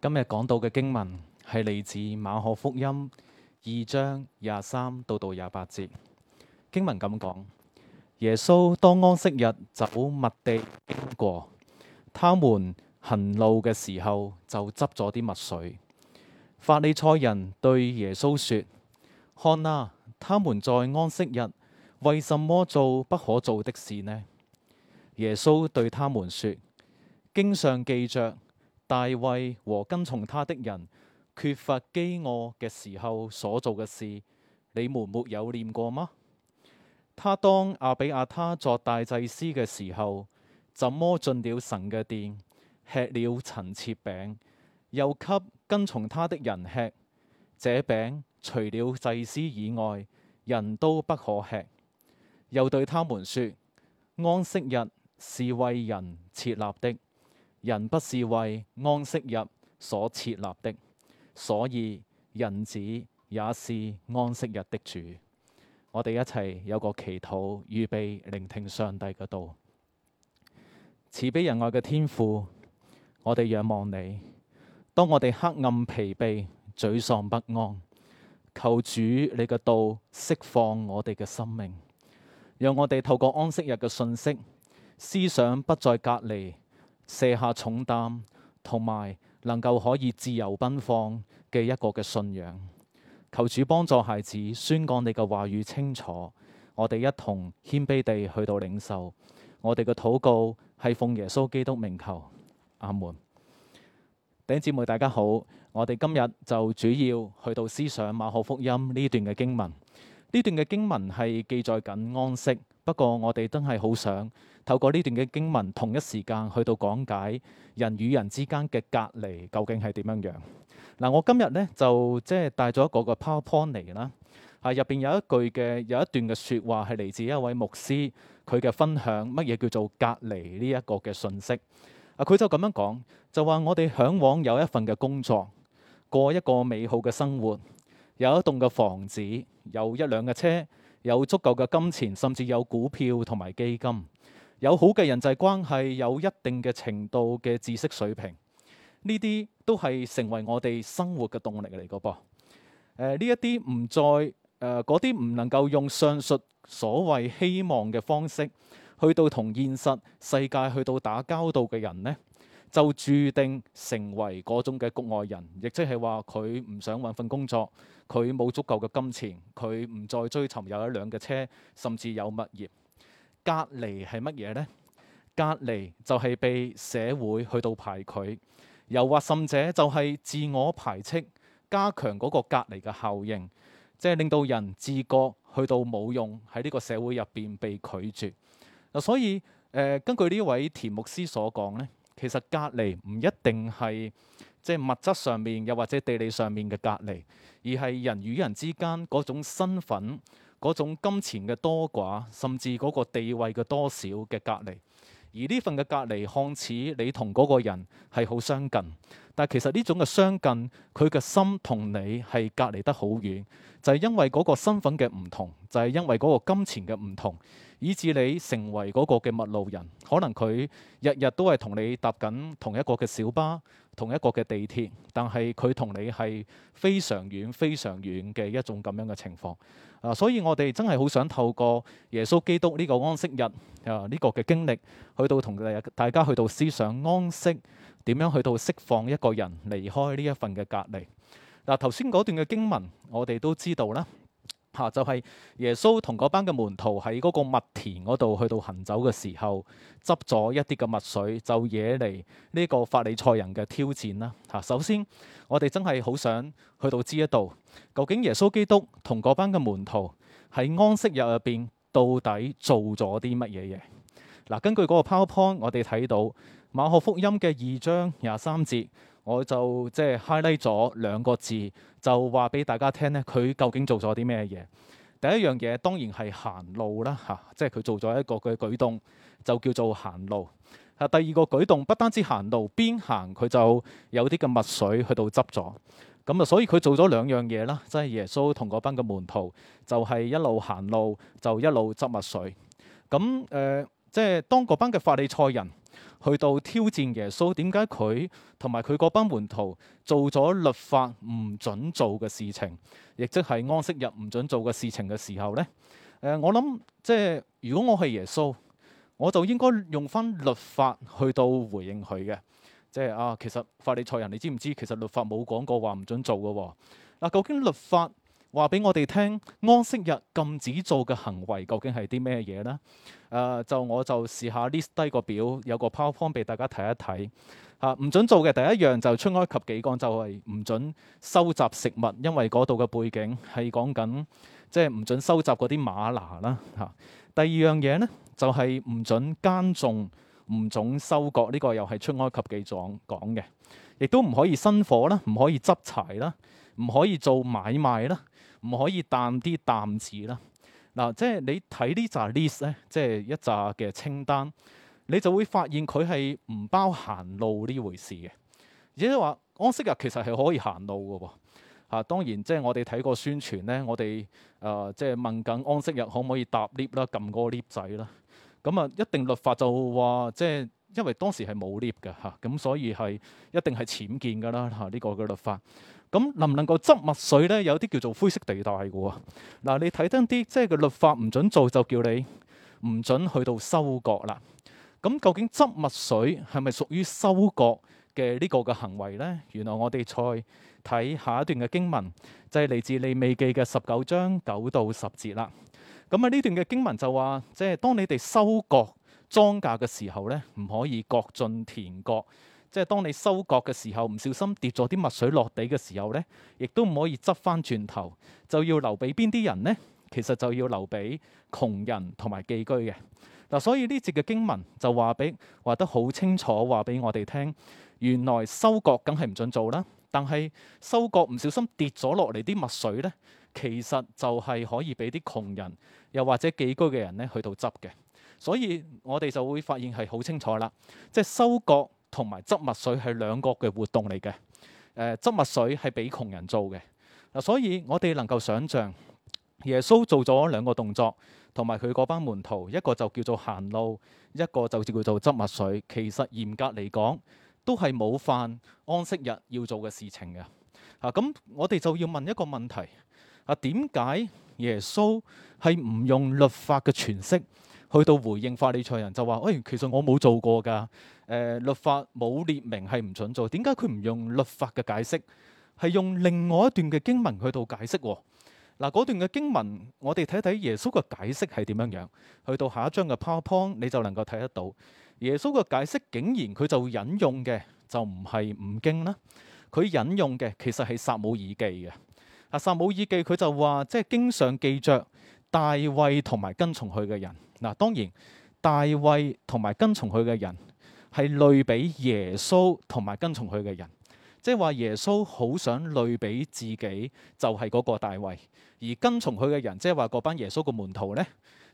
今日講到嘅經文係嚟自馬可福音二章廿三到到廿八節。經文咁講：耶穌當安息日走麥地經過，他們行路嘅時候就執咗啲麥穗。」法利賽人對耶穌說：看啊，他們在安息日為什麼做不可做的事呢？耶穌對他們說：經常記着。」大衛和跟從他的人缺乏飢餓嘅時候所做嘅事，你們沒有念過嗎？他當亞比亞他作大祭司嘅時候，怎麼進了神嘅殿，吃了陳設餅，又給跟從他的人吃？這餅除了祭司以外，人都不可吃。又對他們說：安息日是為人設立的。人不是為安息日所設立的，所以人子也是安息日的主。我哋一齊有個祈禱，預備聆聽上帝嘅道。慈悲仁愛嘅天父，我哋仰望你。當我哋黑暗、疲憊、沮喪、不安，求主你嘅道釋放我哋嘅生命，讓我哋透過安息日嘅信息，思想不再隔離。卸下重擔，同埋能夠可以自由奔放嘅一個嘅信仰，求主幫助孩子宣講你嘅話語清楚。我哋一同謙卑地去到領受，我哋嘅禱告係奉耶穌基督名求，阿門。弟兄姊姐妹大家好，我哋今日就主要去到思想馬可福音呢段嘅經文，呢段嘅經文係記載緊安息，不過我哋真係好想。透過呢段嘅經文，同一時間去到講解人與人之間嘅隔離究竟係點樣樣嗱。我今日呢就即係帶咗一個嘅 powerpoint 嚟啦，係入邊有一句嘅有一段嘅說話係嚟自一位牧師佢嘅分享，乜嘢叫做隔離呢一個嘅信息啊？佢就咁樣講，就話我哋向往有一份嘅工作，過一個美好嘅生活，有一棟嘅房子，有一輛嘅車，有足夠嘅金錢，甚至有股票同埋基金。有好嘅人際關係，有一定嘅程度嘅知識水平，呢啲都係成為我哋生活嘅動力嚟㗎噃。呢一啲唔再誒嗰啲唔能夠用上述所謂希望嘅方式去到同現實世界去到打交道嘅人呢，就註定成為嗰種嘅局外人，亦即係話佢唔想揾份工作，佢冇足夠嘅金錢，佢唔再追尋有一輛嘅車，甚至有物業。隔離係乜嘢呢？隔離就係被社會去到排拒，又或甚者就係自我排斥，加強嗰個隔離嘅效應，即係令到人自覺去到冇用，喺呢個社會入邊被拒絕。呃，所以，呃，根據呢位田牧師所講呢，其實隔離唔一定係即係物質上面，又或者地理上面嘅隔離，而係人與人之間嗰種身份。嗰種金錢嘅多寡，甚至嗰個地位嘅多少嘅隔離，而呢份嘅隔離看似你同嗰個人係好相近，但其實呢種嘅相近，佢嘅心同你係隔離得好遠，就係因為嗰個身份嘅唔同，就係因為嗰個金錢嘅唔同，以致你成為嗰個嘅陌路人。可能佢日日都係同你搭緊同一個嘅小巴、同一個嘅地鐵，但係佢同你係非常遠、非常遠嘅一種咁樣嘅情況。啊！所以我哋真係好想透過耶穌基督呢個安息日啊呢、呢個嘅經歷，去到同第大家去到思想安息，點樣去到釋放一個人離開呢一份嘅隔離。嗱、啊，頭先嗰段嘅經文，我哋都知道啦。嚇、啊，就係、是、耶穌同嗰班嘅門徒喺嗰個麥田嗰度去到行走嘅時候，執咗一啲嘅麥穗，就惹嚟呢個法利賽人嘅挑戰啦。嚇、啊，首先我哋真係好想去到知一度，究竟耶穌基督同嗰班嘅門徒喺安息日入邊到底做咗啲乜嘢嘢？嗱、啊，根據嗰個 PowerPoint，我哋睇到馬可福音嘅二章廿三節。我就即係 highlight 咗兩個字，就話俾大家聽呢，佢究竟做咗啲咩嘢？第一樣嘢當然係行路啦，嚇、啊，即係佢做咗一個嘅舉，舉動，就叫做行路。啊，第二個舉動不單止行路，邊行佢就有啲嘅麥穗去到執咗。咁、嗯、啊，所以佢做咗兩樣嘢啦，即係耶穌同嗰班嘅門徒就係、是、一路行路，就一路執麥穗。咁、嗯、誒、呃，即係當嗰班嘅法利賽人，去到挑戰耶穌，點解佢同埋佢嗰班門徒做咗律法唔準做嘅事情，亦即係安息日唔準做嘅事情嘅時候呢？誒、呃，我諗即係如果我係耶穌，我就應該用返律法去到回應佢嘅，即係啊，其實法利賽人你知唔知其實律法冇講過話唔準做嘅喎？嗱，究竟律法，話俾我哋聽，安息日禁止做嘅行為究竟係啲咩嘢呢？誒、呃，就我就試下 list 低個表，有個 PowerPoint 俾大家睇一睇嚇。唔、啊、准做嘅第一樣就出埃及記講，就係、是、唔准收集食物，因為嗰度嘅背景係講緊即係唔准收集嗰啲馬拿啦嚇。第二樣嘢呢，就係、是、唔准耕種、唔准收割，呢、這個又係出埃及記講講嘅，亦都唔可以生火啦，唔可以執柴啦，唔可以做買賣啦。唔可以彈啲彈字啦！嗱、啊，即係你睇呢紮 list 咧，即係一紮嘅清單，你就會發現佢係唔包行路呢回事嘅。而且話安息日其實係可以行路嘅喎。嚇、啊，當然即係我哋睇過宣傳咧，我哋誒、呃、即係問緊安息日可唔可以搭 lift 啦，撳嗰個 lift 仔啦。咁啊，一定律法就話即係因為當時係冇 lift 嘅嚇，咁、啊、所以係一定係僭建嘅啦嚇呢個嘅律法。咁能唔能夠執麥穗咧？有啲叫做灰色地帶嘅喎。嗱、啊，你睇得啲即係個律法唔準做，就叫你唔準去到收割啦。咁、啊、究竟執麥穗係咪屬於收割嘅呢個嘅行為咧？原來我哋再睇下一段嘅經文，就係、是、嚟自利未記嘅十九章九到十節啦。咁啊呢段嘅經文就話，即係當你哋收割莊稼嘅時候咧，唔可以割盡田角。即係當你收割嘅時候，唔小心跌咗啲麥穗落地嘅時候呢，亦都唔可以執翻轉頭，就要留俾邊啲人呢？其實就要留俾窮人同埋寄居嘅嗱、啊。所以呢節嘅經文就話俾話得好清楚，話俾我哋聽，原來收割梗係唔準做啦。但係收割唔小心跌咗落嚟啲麥穗呢，其實就係可以俾啲窮人又或者寄居嘅人呢去到執嘅。所以我哋就會發現係好清楚啦，即係收割。同埋執墨水係兩個嘅活動嚟嘅。誒、呃，執墨水係俾窮人做嘅嗱、啊，所以我哋能夠想象耶穌做咗兩個動作，同埋佢嗰班門徒一個就叫做行路，一個就叫做執墨水。其實嚴格嚟講，都係冇犯安息日要做嘅事情嘅。啊，咁我哋就要問一個問題啊：點解耶穌係唔用律法嘅詮釋去到回應法利賽人，就話：喂、哎，其實我冇做過㗎？誒、呃，律法冇列明係唔準做，點解佢唔用律法嘅解釋？係用另外一段嘅經文去到解釋嗱、啊。嗰、啊、段嘅經文，我哋睇睇耶穌嘅解釋係點樣樣。去到下一章嘅 PowerPoint，你就能夠睇得到耶穌嘅解釋。竟然佢就引用嘅就唔係《五經》啦，佢引用嘅其實係《撒母耳記》嘅啊。《撒母耳記》佢就話，即係經常記着大衛同埋跟從佢嘅人嗱、啊。當然，大衛同埋跟從佢嘅人。係類比耶穌同埋跟從佢嘅人，即係話耶穌好想類比自己就係嗰個大衛，而跟從佢嘅人，即係話嗰班耶穌嘅門徒呢，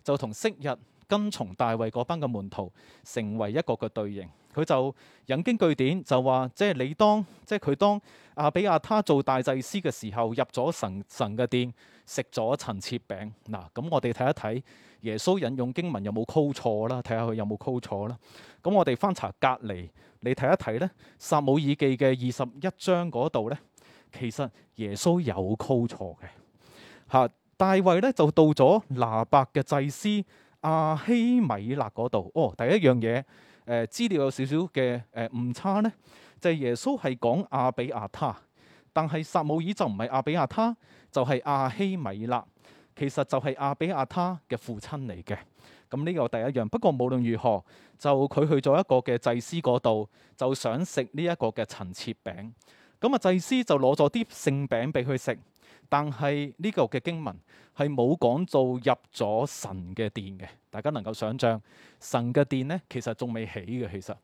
就同昔日跟從大衛嗰班嘅門徒成為一個嘅對應。佢就引經據典就話，即係你當即係佢當亞比亞他做大祭司嘅時候入咗神神嘅殿，食咗陳設餅嗱。咁我哋睇一睇。耶穌引用經文有冇 call 錯啦？睇下佢有冇 call 錯啦。咁我哋翻查隔離，你睇一睇咧，《撒母耳記》嘅二十一章嗰度咧，其實耶穌有 call 錯嘅。嚇、啊，大衛咧就到咗拿伯嘅祭司亞希米勒嗰度。哦，第一樣嘢，誒、呃、資料有少少嘅誒誤差咧，就係、是、耶穌係講亞比亞他，但係撒母耳就唔係亞比亞他，就係、是、亞希米勒。其實就係阿比亞他嘅父親嚟嘅。咁呢個第一樣，不過無論如何，就佢去咗一個嘅祭司嗰度，就想食呢一個嘅陳切餅。咁啊，祭司就攞咗啲聖餅俾佢食。但係呢個嘅經文係冇講做入咗神嘅殿嘅。大家能夠想象神嘅殿呢其實仲未起嘅。其實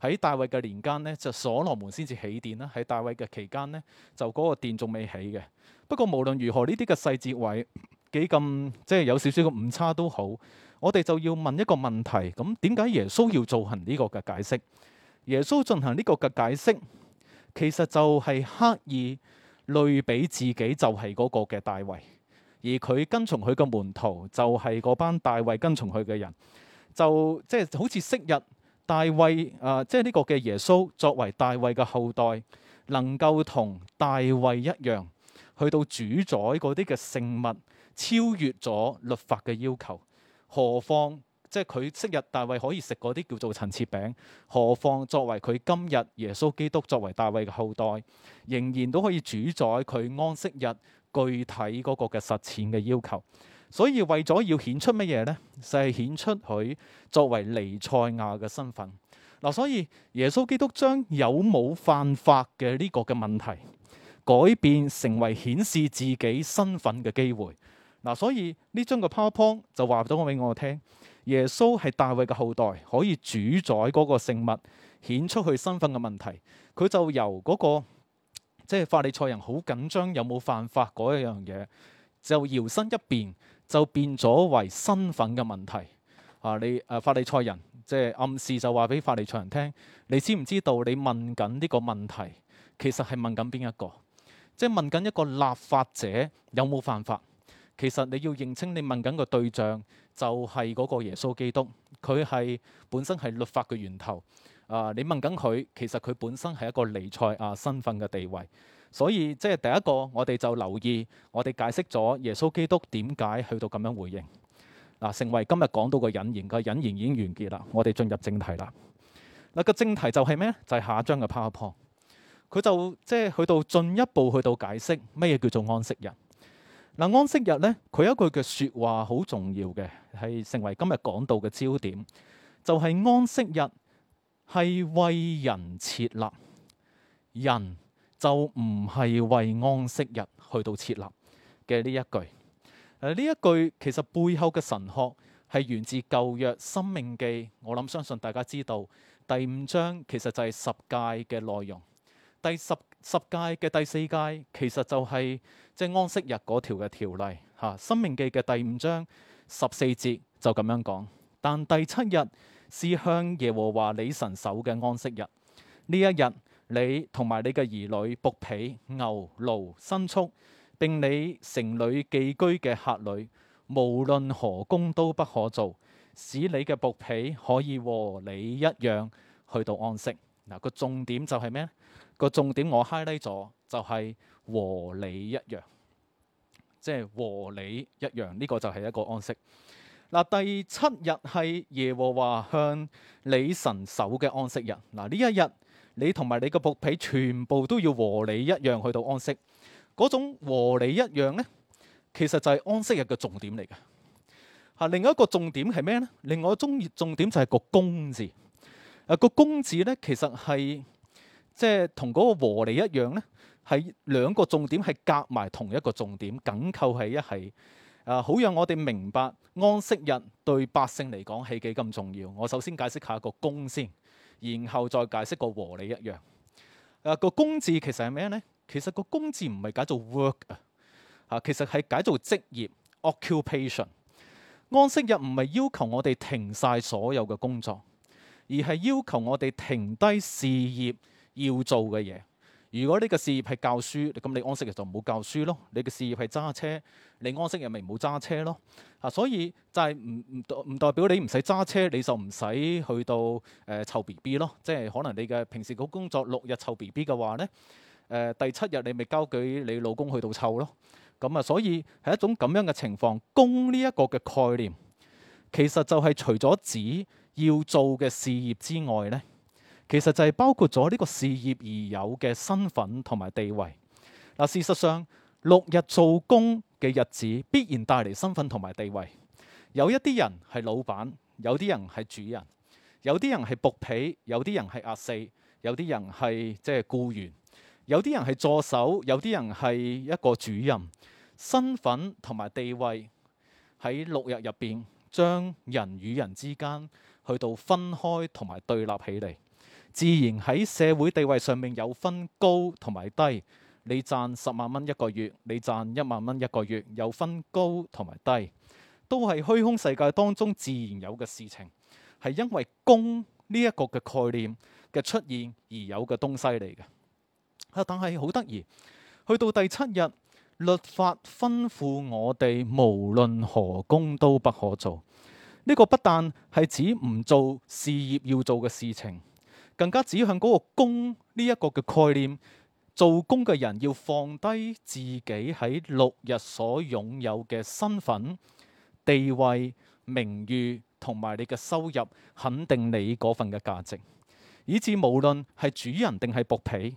喺大衛嘅年間呢，就所羅門先至起殿啦。喺大衛嘅期間呢，就嗰個殿仲未起嘅。不過無論如何，呢啲嘅細節位。幾咁即係有少少個誤差都好，我哋就要問一個問題：咁點解耶穌要進行呢個嘅解釋？耶穌進行呢個嘅解釋，其實就係刻意類比自己就係嗰個嘅大衛，而佢跟從佢嘅門徒就係嗰班大衛跟從佢嘅人，就即係、就係、好似昔日大衛啊、呃，即係呢個嘅耶穌作為大衛嘅後代，能夠同大衛一樣。去到主宰嗰啲嘅聖物，超越咗律法嘅要求。何況即係佢昔日大衛可以食嗰啲叫做陳設餅，何況作為佢今日耶穌基督作為大衛嘅後代，仍然都可以主宰佢安息日具體嗰個嘅實踐嘅要求。所以為咗要顯出乜嘢咧？就係、是、顯出佢作為彌賽亞嘅身份。嗱，所以耶穌基督將有冇犯法嘅呢個嘅問題，改變成為顯示自己身份嘅機會，嗱、啊，所以呢張個 PowerPoint 就話咗我俾我聽，耶穌係大衛嘅後代，可以主宰嗰個聖物顯出去身份嘅問題，佢就由嗰、那個即係、就是、法利賽人好緊張有冇犯法嗰一樣嘢，就搖身一變就變咗為身份嘅問題啊！你誒、啊、法利賽人，即、就、係、是、暗示就話俾法利賽人聽，你知唔知道你問緊呢個問題，其實係問緊邊一個？即係問緊一個立法者有冇犯法？其實你要認清，你問緊個對象就係嗰個耶穌基督，佢係本身係律法嘅源頭。啊、呃，你問緊佢，其實佢本身係一個彌賽亞身份嘅地位。所以即係第一個，我哋就留意，我哋解釋咗耶穌基督點解去到咁樣回應嗱。成為今日講到個引言嘅、這個、引言已經完結啦，我哋進入正題啦。嗱、那個正題就係咩？就係、是、下一張嘅 PowerPoint。佢就即係去到進一步去到解釋乜嘢叫做安息日嗱、嗯。安息日咧，佢有一句嘅說話好重要嘅，係成為今日講到嘅焦點就係、是、安息日係為人設立，人就唔係為安息日去到設立嘅呢一句。誒、嗯、呢一句其實背後嘅神學係源自舊約申命記，我諗相信大家知道第五章其實就係十戒嘅內容。第十十誡嘅第四誡，其實就係即係安息日嗰條嘅條例吓，《申命記》嘅第五章十四節就咁樣講。但第七日是向耶和華你神守嘅安息日，呢一日你同埋你嘅兒女、僕婢、牛、驢、牲畜，並你城裏寄居嘅客旅，無論何工都不可做，使你嘅僕婢可以和你一樣去到安息。嗱，個重點就係咩咧？個重點我 highlight 咗，就係和你一樣，即、就、係、是、和你一樣，呢、這個就係一個安息。嗱、啊，第七日係耶和華向你神守嘅安息日。嗱、啊、呢一日，你同埋你個僕婢全部都要和你一樣去到安息。嗰種和你一樣呢，其實就係安息日嘅重點嚟嘅。吓、啊，另外一個重點係咩呢？另外一個重,重點就係個公字。誒、啊，個公字呢，其實係。即係同嗰個和利一樣呢，係兩個重點，係夾埋同一個重點緊扣喺一起啊！好讓我哋明白安息日對百姓嚟講係幾咁重要。我首先解釋下個工先，然後再解釋個和利一樣。啊，個工字其實係咩呢？其實個工字唔係解做 work 啊，其實係解做職業 （occupation）。安息日唔係要求我哋停晒所有嘅工作，而係要求我哋停低事業。要做嘅嘢，如果呢個事業係教書，咁你安息日就唔好教書咯；你嘅事業係揸車，你安息日咪唔好揸車咯。啊，所以就係唔唔代表你唔使揸車，你就唔使去到誒湊、呃、B B 咯。即係可能你嘅平時個工作六日湊 B B 嘅話呢，誒、呃、第七日你咪交俾你老公去到湊咯。咁啊，所以係一種咁樣嘅情況。供呢一個嘅概念，其實就係除咗指要做嘅事業之外呢。其實就係包括咗呢個事業而有嘅身份同埋地位嗱、啊。事實上，六日做工嘅日子必然帶嚟身份同埋地位。有一啲人係老闆，有啲人係主人，有啲人係僕婢，有啲人係阿四，有啲人係即係僱員，有啲人係助手，有啲人係一個主任。身份同埋地位喺六日入邊，將人與人之間去到分開同埋對立起嚟。自然喺社會地位上面有分高同埋低，你賺十萬蚊一個月，你賺一萬蚊一個月，有分高同埋低，都係虛空世界當中自然有嘅事情，係因為工呢一個嘅概念嘅出現而有嘅東西嚟嘅。但係好得意，去到第七日，律法吩咐我哋，無論何工都不可做。呢、呢個不但係指唔做事業要做嘅事情。更加指向嗰個工呢一個嘅概念，做工嘅人要放低自己喺六日所擁有嘅身份、地位、名譽同埋你嘅收入，肯定你嗰份嘅價值，以致無論係主人定係僕婢，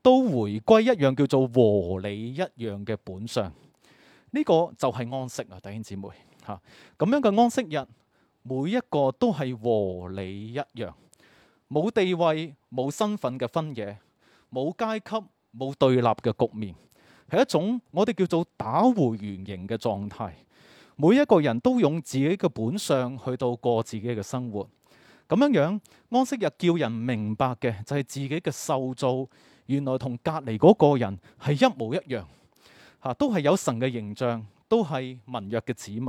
都回歸一樣叫做和你一樣嘅本相。呢個就係安息啊，弟兄姊妹吓，咁樣嘅安息日，每一個都係和你一樣。冇地位、冇身份嘅分野，冇階級、冇對立嘅局面，係一種我哋叫做打回原形嘅狀態。每一個人都用自己嘅本相去到過自己嘅生活，咁樣樣安息日叫人明白嘅就係自己嘅受造，原來同隔離嗰個人係一模一樣，吓都係有神嘅形象，都係盟約嘅子民，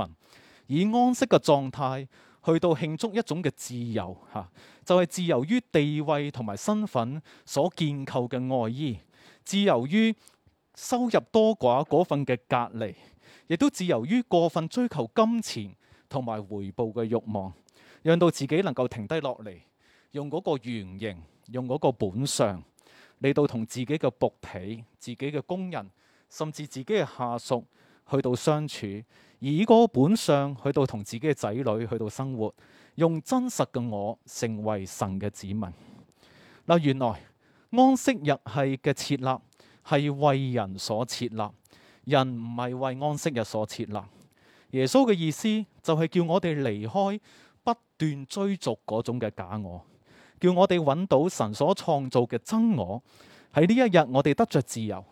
以安息嘅狀態。去到慶祝一種嘅自由吓，就係、是、自由於地位同埋身份所建構嘅外衣，自由於收入多寡嗰份嘅隔離，亦都自由於過分追求金錢同埋回報嘅慾望，讓到自己能夠停低落嚟，用嗰個原型，用嗰個本相嚟到同自己嘅僕婢、自己嘅工人，甚至自己嘅下屬。去到相處，以個本相去到同自己嘅仔女去到生活，用真實嘅我成為神嘅子民。嗱，原來安息日係嘅設立係為人所設立，人唔係為安息日所設立。耶穌嘅意思就係叫我哋離開不斷追逐嗰種嘅假我，叫我哋揾到神所創造嘅真我。喺呢一日我哋得着自由，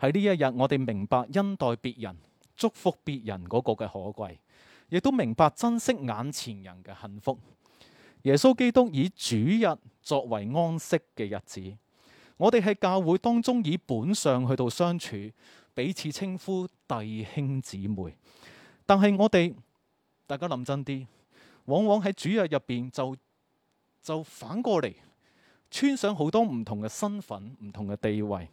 喺呢一日我哋明白恩待別人。祝福別人嗰個嘅可貴，亦都明白珍惜眼前人嘅幸福。耶穌基督以主日作為安息嘅日子，我哋喺教會當中以本相去到相處，彼此稱呼弟兄姊妹。但係我哋大家諗真啲，往往喺主日入邊就就反過嚟，穿上好多唔同嘅身份、唔同嘅地位。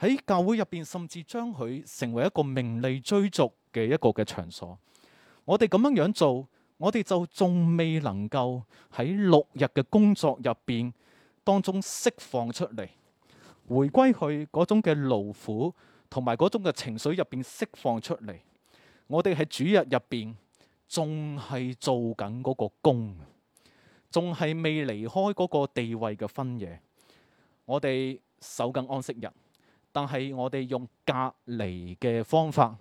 喺教會入邊，甚至將佢成為一個名利追逐嘅一個嘅場所。我哋咁樣樣做，我哋就仲未能夠喺六日嘅工作入邊當中釋放出嚟，回歸去嗰種嘅勞苦同埋嗰種嘅情緒入邊釋放出嚟。我哋喺主日入邊仲係做緊嗰個工，仲係未離開嗰個地位嘅分野。我哋守緊安息日。但係，我哋用隔離嘅方法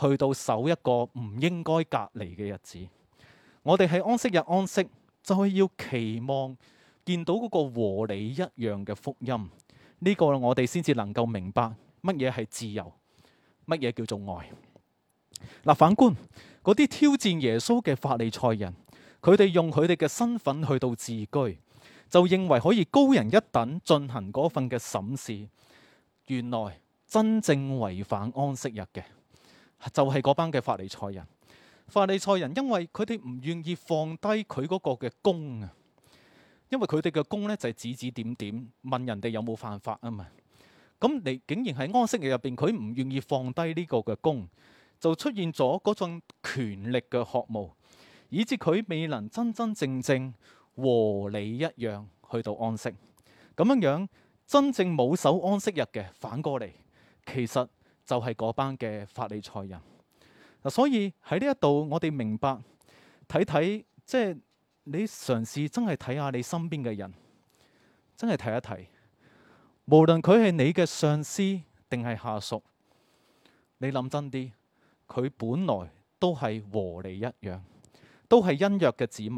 去到守一個唔應該隔離嘅日子。我哋喺安息日安息，就係要期望見到嗰個和你一樣嘅福音。呢個我哋先至能夠明白乜嘢係自由，乜嘢叫做愛。嗱，反觀嗰啲挑戰耶穌嘅法利賽人，佢哋用佢哋嘅身份去到自居，就認為可以高人一等進行嗰份嘅審視。原來真正違反安息日嘅，就係嗰班嘅法利賽人。法利賽人因為佢哋唔願意放低佢嗰個嘅功啊，因為佢哋嘅功咧就係指指點點問人哋有冇犯法啊嘛。咁你竟然喺安息日入邊，佢唔願意放低呢個嘅功，就出現咗嗰種權力嘅渴慕，以致佢未能真真正正和你一樣去到安息。咁樣樣。真正冇守安息日嘅，反過嚟其實就係嗰班嘅法利賽人。所以喺呢一度，我哋明白睇睇，即係、就是、你嘗試真係睇下你身邊嘅人，真係睇一睇，無論佢係你嘅上司定係下屬，你諗真啲，佢本來都係和你一樣，都係恩約嘅子民，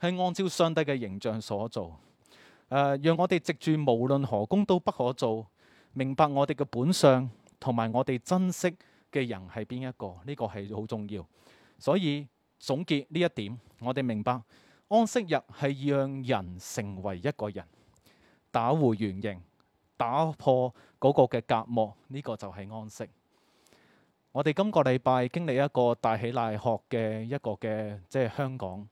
係按照上帝嘅形象所做。誒、呃，讓我哋藉住無論何工都不可做，明白我哋嘅本相，同埋我哋珍惜嘅人係邊一個？呢、這個係好重要。所以總結呢一點，我哋明白安息日係讓人成為一個人，打回原形，打破嗰個嘅隔膜，呢、這個就係安息。我哋今個禮拜經歷一個大起大落嘅一個嘅，即係香港。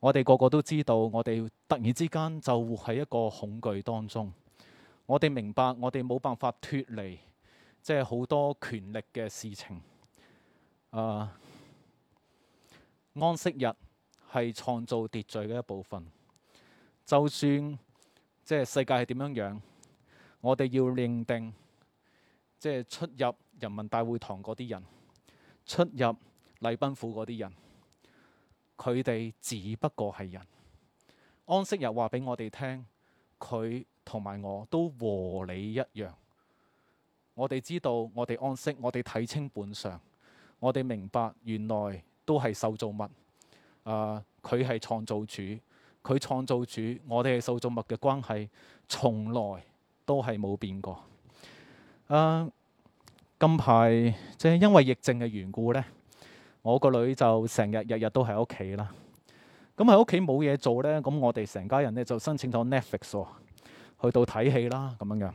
我哋個個都知道，我哋突然之間就活喺一個恐懼當中。我哋明白，我哋冇辦法脫離，即係好多權力嘅事情。誒、呃，安息日係創造秩序嘅一部分。就算即係世界係點樣樣，我哋要認定，即係出入人民大會堂嗰啲人，出入禮賓府嗰啲人。佢哋只不過係人，安息日話俾我哋聽，佢同埋我都和你一樣。我哋知道，我哋安息，我哋睇清本相，我哋明白，原來都係受造物。啊、呃，佢係創造主，佢創造主，我哋係受造物嘅關係，從來都係冇變過。誒、呃，近排即係因為疫症嘅緣故呢。我個女就成日日日都喺屋企啦，咁喺屋企冇嘢做呢，咁我哋成家人咧就申請咗 Netflix 喎、哦，去到睇戲啦咁樣樣。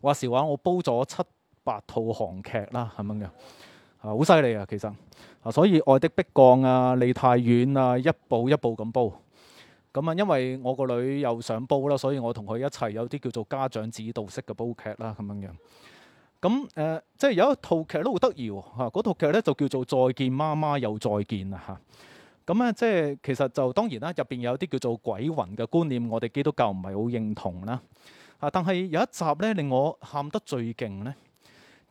話時話我煲咗七八套韓劇啦咁樣樣，好犀利啊，啊其實，啊所以愛的迫降啊，離太遠啊，一步一步咁煲。咁啊，因為我個女又想煲啦，所以我同佢一齊有啲叫做家長指導式嘅煲劇啦咁樣樣。咁誒、呃，即係有一套劇都好得意喎，吓、啊、嗰套劇咧就叫做《再見媽媽又再見》啦，吓咁咧即係其實就當然啦，入邊有啲叫做鬼魂嘅觀念，我哋基督教唔係好認同啦，啊，但係有一集咧令我喊得最勁咧，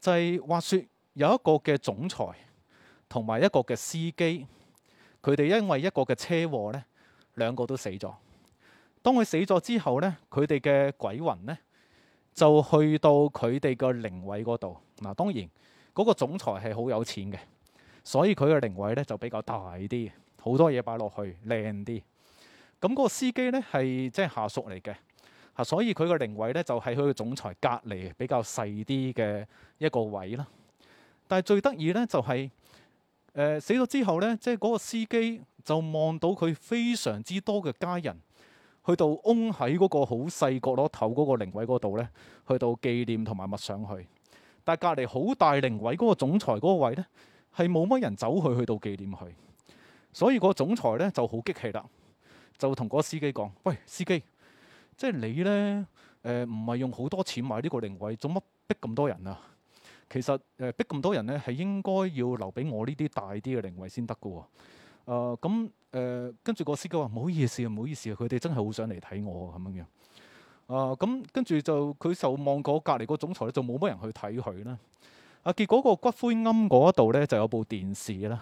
就係、是、話說有一個嘅總裁同埋一個嘅司機，佢哋因為一個嘅車禍咧，兩個都死咗。當佢死咗之後咧，佢哋嘅鬼魂咧。就去到佢哋個靈位嗰度。嗱，當然嗰、那個總裁係好有錢嘅，所以佢嘅靈位咧就比較大啲，好多嘢擺落去，靚啲。咁、那、嗰個司機咧係即係下屬嚟嘅，吓，所以佢嘅靈位咧就係佢嘅總裁隔離比較細啲嘅一個位啦。但係最得意咧就係、是、誒、呃、死咗之後咧，即係嗰個司機就望到佢非常之多嘅家人。去到嗡喺嗰個好細角落頭嗰個靈位嗰度呢，去到紀念同埋默上去。但係隔籬好大靈位嗰個總裁嗰個位呢，係冇乜人走去去到紀念佢。所以個總裁呢就好激氣啦，就同嗰個司機講：「喂，司機，即係你呢？誒、呃，唔係用好多錢買呢個靈位，做乜逼咁多人啊？其實，誒、呃，逼咁多人呢，係應該要留俾我呢啲大啲嘅靈位先得噶。啊，咁誒、呃、跟住個司機話，唔好意思啊，唔好意思啊，佢哋真係好想嚟睇我咁樣樣。啊，咁跟住就佢受望過隔離個總裁咧，就冇乜人去睇佢啦。啊，結果個骨灰庵嗰度咧就有部電視啦，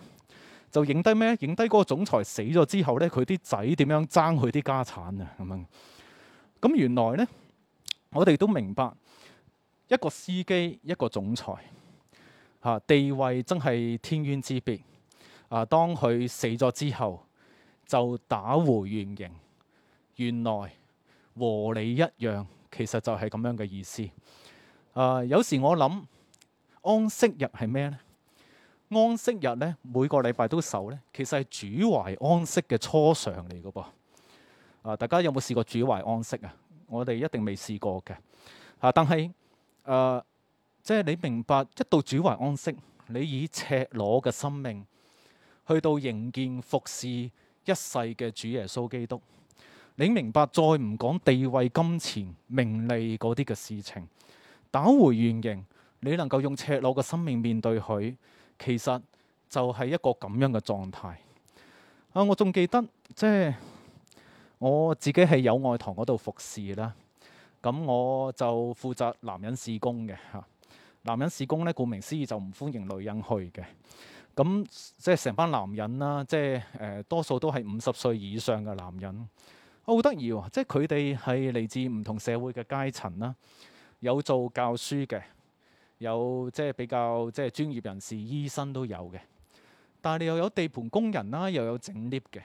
就影低咩？影低嗰個總裁死咗之後咧，佢啲仔點樣爭佢啲家產啊？咁樣咁原來咧，我哋都明白一個司機一個總裁嚇、啊、地位真係天淵之別。啊！當佢死咗之後，就打回原形，原來和你一樣，其實就係咁樣嘅意思。啊！有時我諗安息日係咩呢？安息日咧每個禮拜都守咧，其實係主懷安息嘅初嘗嚟噶噃。啊！大家有冇試過主懷安息啊？我哋一定未試過嘅。啊！但係誒、啊，即係你明白一到主懷安息，你以赤裸嘅生命，去到營建服侍一世嘅主耶穌基督，你明白再唔講地位、金錢、名利嗰啲嘅事情，打回原形，你能夠用赤裸嘅生命面對佢，其實就係一個咁樣嘅狀態。啊，我仲記得即係我自己係友愛堂嗰度服侍啦，咁我就負責男人事工嘅吓，男人事工咧，顧名思義就唔歡迎女人去嘅。咁、嗯、即係成班男人啦，即係誒、呃、多數都係五十歲以上嘅男人，我好得意喎，即係佢哋係嚟自唔同社會嘅階層啦，有做教書嘅，有即係比較即係專業人士，醫生都有嘅，但係你又有地盤工人啦，又有整 lift 嘅。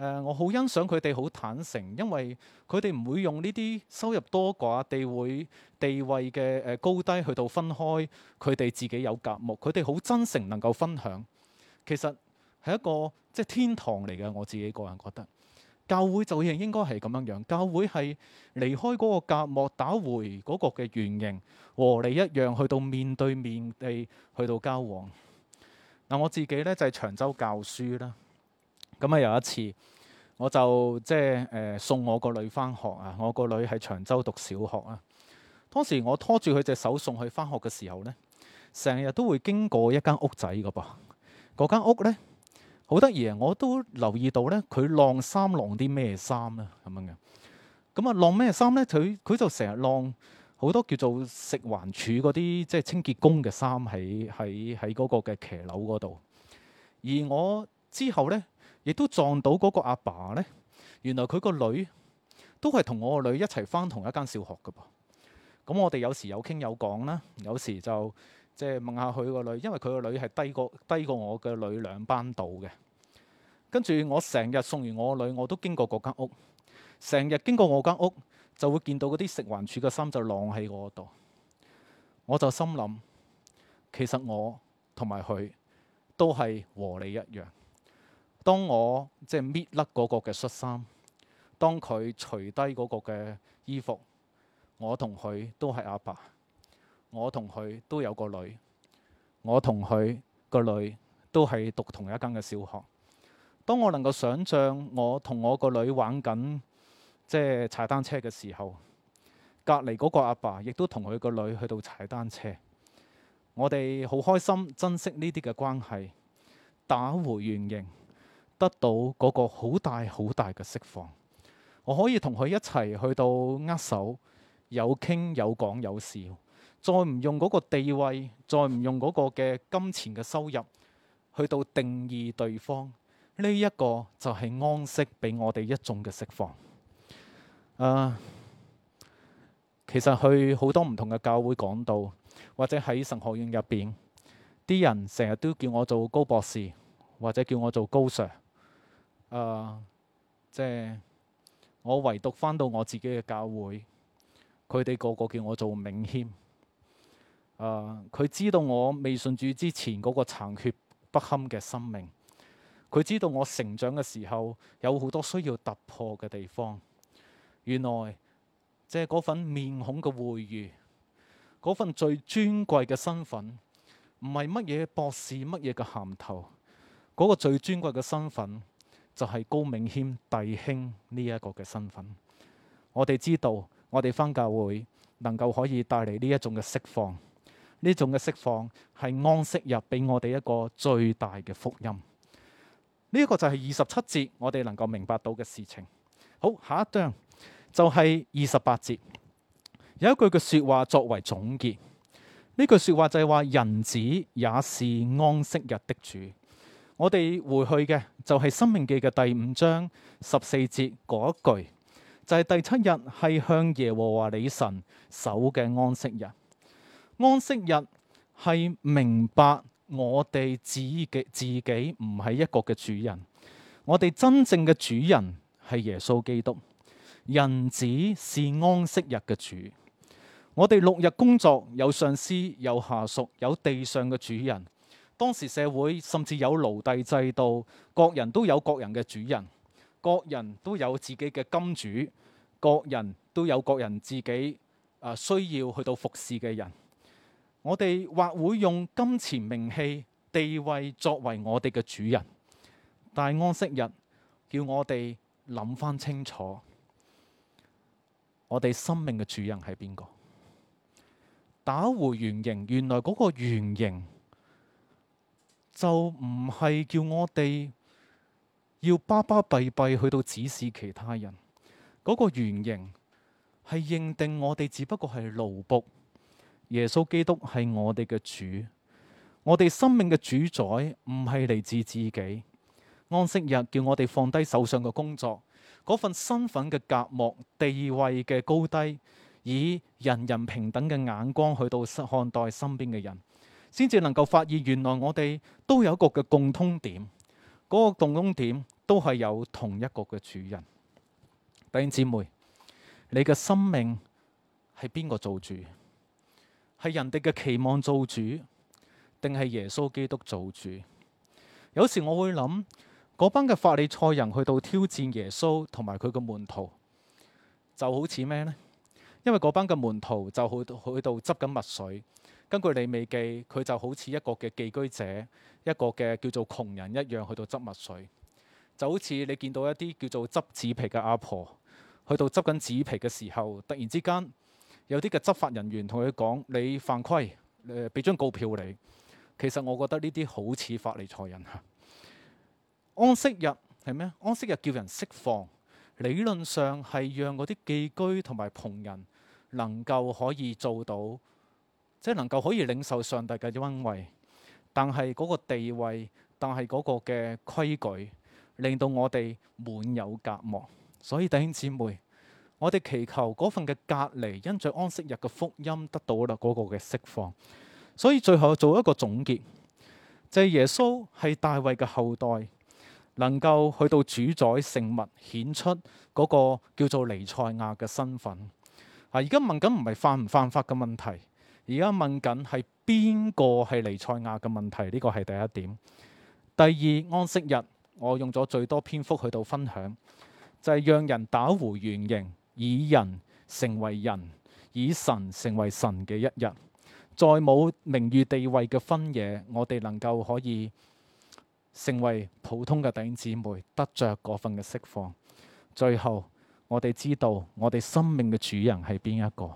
誒、呃，我好欣賞佢哋好坦誠，因為佢哋唔會用呢啲收入多寡、地位地位嘅誒高低去到分開佢哋自己有隔膜，佢哋好真誠能夠分享，其實係一個即係天堂嚟嘅。我自己個人覺得，教會就應應該係咁樣樣，教會係離開嗰個隔膜，打回嗰個嘅原形，和你一樣去到面對面地去到交往。嗱、呃，我自己呢，就係、是、長洲教書啦。咁啊、嗯！有一次，我就即係誒送我個女翻學啊。我個女喺長洲讀小學啊。當時我拖住佢隻手送去翻學嘅時候咧，成日都會經過一間屋仔噶噃。嗰間屋咧好得意啊，我都留意到咧，佢晾衫晾啲咩衫啊？咁樣嘅。咁啊，晾咩衫咧？佢佢就成日晾好多叫做食環處嗰啲即係清潔工嘅衫喺喺喺嗰個嘅騎樓嗰度。而我之後咧。亦都撞到嗰個阿爸，爸呢。原來佢個女都係同我個女一齊返同一間小學㗎噃。咁我哋有時有傾有講啦，有時就即係問下佢個女，因為佢個女係低過低過我嘅女兩班度嘅。跟住我成日送完我個女，我都經過嗰間屋，成日經過我間屋，就會見到嗰啲食環署嘅衫就晾喺我度。我就心諗，其實我同埋佢都係和你一樣。當我即係搣甩嗰個嘅恤衫，當佢除低嗰個嘅衣服，我同佢都係阿爸，我同佢都有個女，我同佢個女都係讀同一間嘅小學。當我能夠想像我同我個女玩緊即係踩單車嘅時候，隔離嗰個阿爸亦都同佢個女去到踩單車，我哋好開心，珍惜呢啲嘅關係，打回原形。得到嗰個好大好大嘅釋放，我可以同佢一齊去到握手，有傾有講有笑，再唔用嗰個地位，再唔用嗰個嘅金錢嘅收入去到定義對方，呢、這、一個就係安息俾我哋一眾嘅釋放。誒、啊，其實去好多唔同嘅教會講道，或者喺神學院入邊，啲人成日都叫我做高博士，或者叫我做高 Sir。誒，即係、uh, 就是、我唯獨翻到我自己嘅教會，佢哋個個叫我做銘謙。誒，佢知道我未信主之前嗰個殘缺不堪嘅生命，佢知道我成長嘅時候有好多需要突破嘅地方。原來，即係嗰份面孔嘅會遇，嗰份最尊貴嘅身份，唔係乜嘢博士乜嘢嘅銜頭，嗰、那個最尊貴嘅身份。就係高銘謙弟兄呢一個嘅身份，我哋知道，我哋返教會能夠可以帶嚟呢一種嘅釋放，呢種嘅釋放係安息日俾我哋一個最大嘅福音。呢、這、一個就係二十七節，我哋能夠明白到嘅事情。好，下一章就係二十八節，有一句嘅說話作為總結。呢句說話就係話，人子也是安息日的主。我哋回去嘅就係、是《申命記》嘅第五章十四節嗰一句，就係、是、第七日係向耶和華你神守嘅安息日。安息日係明白我哋自己自己唔係一個嘅主人，我哋真正嘅主人係耶穌基督，人子是安息日嘅主。我哋六日工作，有上司，有下屬，有地上嘅主人。當時社會甚至有奴隸制度，各人都有各人嘅主人，各人都有自己嘅金主，各人都有各人自己啊、呃、需要去到服侍嘅人。我哋或會用金錢、名氣、地位作為我哋嘅主人，大安息日叫我哋諗返清楚，我哋生命嘅主人係邊個？打回原形，原來嗰個原形。就唔係叫我哋要巴巴閉閉去到指示其他人，嗰個原型係認定我哋只不過係奴僕，耶穌基督係我哋嘅主，我哋生命嘅主宰唔係嚟自自己。安息日叫我哋放低手上嘅工作，嗰份身份嘅隔膜、地位嘅高低，以人人平等嘅眼光去到看待身邊嘅人。先至能夠發現，原來我哋都有一個嘅共通點，嗰、嗰個共通點都係有同一個嘅主人。弟兄姊妹，你嘅生命係邊個做主？係人哋嘅期望做主，定係耶穌基督做主？有時我會諗，嗰班嘅法利賽人去到挑戰耶穌同埋佢嘅門徒，就好似咩呢？因為嗰班嘅門徒就去到去到執緊麥穗。根據《利未記》，佢就好似一個嘅寄居者，一個嘅叫做窮人一樣去到執麥穗，就好似你見到一啲叫做執紙皮嘅阿婆，去到執緊紙皮嘅時候，突然之間有啲嘅執法人員同佢講：你犯規，誒、呃、俾張告票你。其實我覺得呢啲好似法利賽人嚇、啊。安息日係咩？安息日叫人釋放，理論上係讓嗰啲寄居同埋窮人能夠可以做到。即係能夠可以領受上帝嘅恩惠，但係嗰個地位，但係嗰個嘅規矩，令到我哋滿有隔膜。所以弟兄姊妹，我哋祈求嗰份嘅隔離，因着安息日嘅福音得到啦嗰個嘅釋放。所以最後做一個總結，就係耶穌係大衛嘅後代，能夠去到主宰聖物，顯出嗰個叫做尼賽亞嘅身份。啊，而家問緊唔係犯唔犯法嘅問題。而家問緊係邊個係尼賽亞嘅問題？呢個係第一點。第二安息日，我用咗最多篇幅去到分享，就係、是、讓人打回原形，以人成為人，以神成為神嘅一日。再冇名譽地位嘅分野，我哋能夠可以成為普通嘅弟兄姊妹，得着嗰份嘅釋放。最後，我哋知道我哋生命嘅主人係邊一個。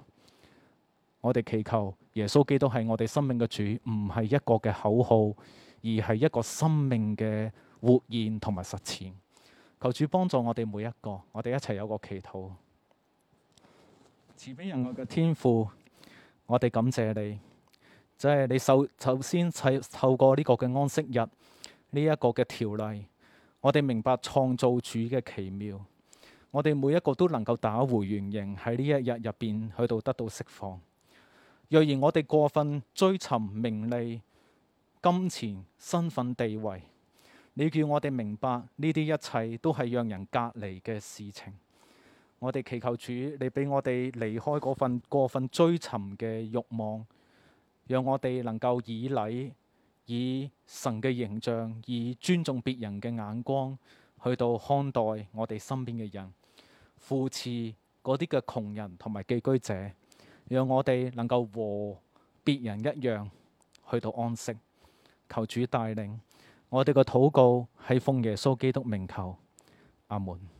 我哋祈求耶穌基督係我哋生命嘅主，唔係一個嘅口號，而係一個生命嘅活現同埋實踐。求主幫助我哋每一個，我哋一齊有個祈禱。慈悲人類嘅天父，我哋感謝你。即係你首首先，徹透過呢個嘅安息日呢一個嘅條例，我哋明白創造主嘅奇妙。我哋每一個都能夠打回原形喺呢一日入邊去到得到釋放。若然我哋過分追尋名利、金錢、身份地位，你叫我哋明白呢啲一切都係讓人隔離嘅事情。我哋祈求主，你俾我哋離開嗰份過分追尋嘅欲望，讓我哋能夠以禮、以神嘅形象、以尊重別人嘅眼光去到看待我哋身邊嘅人，扶持嗰啲嘅窮人同埋寄居者。讓我哋能夠和別人一樣去到安息，求主帶領我哋嘅禱告，係奉耶穌基督名求，阿門。